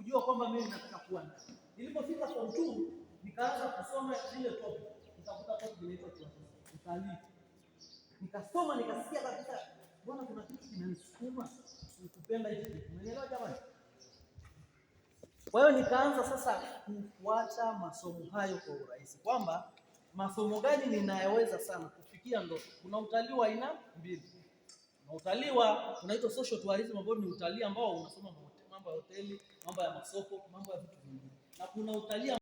kujua kwamba mimi nataka kuwa nani. Nilipofika kwa 2 nikaanza kusoma ile topic, nikakuta topic inaitwa kiwazilifu, nikasoma nikasikia kabisa, mbona kuna kitu kinanisukuma nikupenda hichi kitu, unaelewa jamani? Kwa hiyo nikaanza sasa kufuata masomo hayo kwa urahisi, kwamba masomo gani ninayoweza sana kufikia ndoto. Kuna utalii wa aina mbili, na utalii wa unaitwa social tourism ambao ni utalii ambao unasoma mambo ya hoteli, mambo ya masoko, mambo ya vitu vingine, na kuna utalii